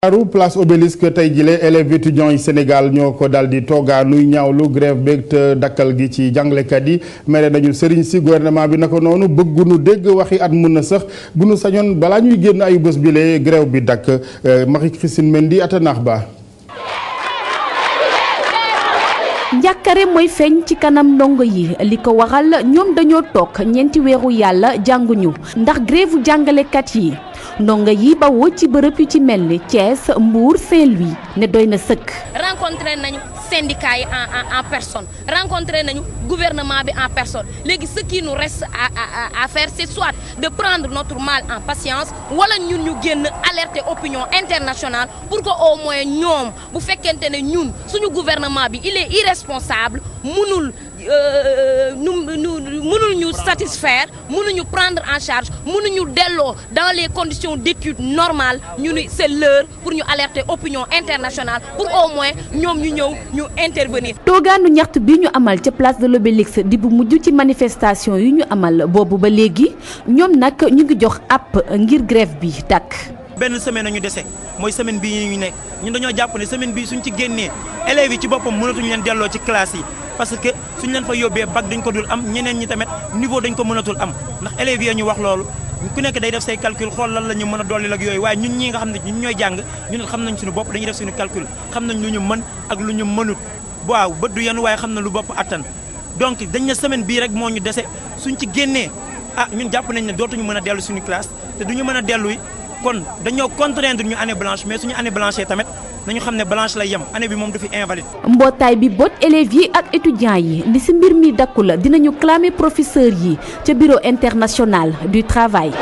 Ndakaaru place Obélisque tey jile élèves étudiants yi senegal ñoo ko daal di toogaa nuy ñaawlu grève beeg te dakkal gi ci jàngalekat yi mere nañu sëriñ si gouvernement bi naka noonu bëggunu dégg waxi at mun na sax bu nu sañoon balaa ñuy génn ayu bés bile grève bi dakk euh, Marie-Christine Mendy atanaax ba njàkkare mooy feeñ ci kanam ndongo yi li ko waral ñoom dañoo toog ñeenti weeru yàlla jànguñu ndax grève jàngalekat yi ndongo yi bawoo ci bërëb yu ci mel ni Thiès Mbour Saint-Louis ne doy na sëkk. rencontré nañu syndicat yi en en en personne rencontré nañu gouvernement bi en personne léegi ce qui res reste à à à faire c'est soit de prendre notre mal en patience wala ñun ñu génn alerter opinion internationale pour que au moins ñoom bu fekkente ne ñun suñu gouvernement bi il est irresponsable mënul. Euh, satisfaire mënuñu prendre en charge mënuñu delloo dans les conditions d'étude normales ñu ni c'est l'heure pour ñu alerter opinion internationale pour au moins ñoom ñu ñëw ñu intervenir. toogaanu ñaxtu bi ñu amal ca place de l'Obélisque di bu mujj ci manifestation yu ñu amal boobu ba léegi ñoom nag ñu ngi jox àpp ngir grève bi tàkk. benn semaine ñu dese mooy semaine bii ñu nekk ñu dañoo jàpp ne semaine bii suñ ci génnee élèves yi ci boppam ñu leen delloo ci classe yi suñ leen fa yóbbee bac dañ ko dul am ñeneen ñi tamit niveau dañ ko mënatul am ndax élèves yi ñu wax loolu ku nekk day def say calcul xool lan la ñu mën a dolli ak yooyu waaye ñun ñi nga xam ne ñun ñooy jàng ñu ne xam nañ suñu bopp dañuy def suñu calcul nañ lu ñu mën ak lu ñu mënut waaw bët du yenu waaye xam na lu bopp attan donc dañ na semaine bii rek moo ñu dese suñ ci génnee ah ñun jàpp nañ ne dootuñu mën a dellu suñu classe te duñu mën a dellu kon dañoo contraindre ñu année blanche mais suñu année blanche tamit nañu xam ne blanche lay yem année bi moom du fi invalide. mbootaay bi boot élèves yi ak étudiants yi li si mbir mi dakku la dinañu clamer professeurs yi ca bureau international du travail.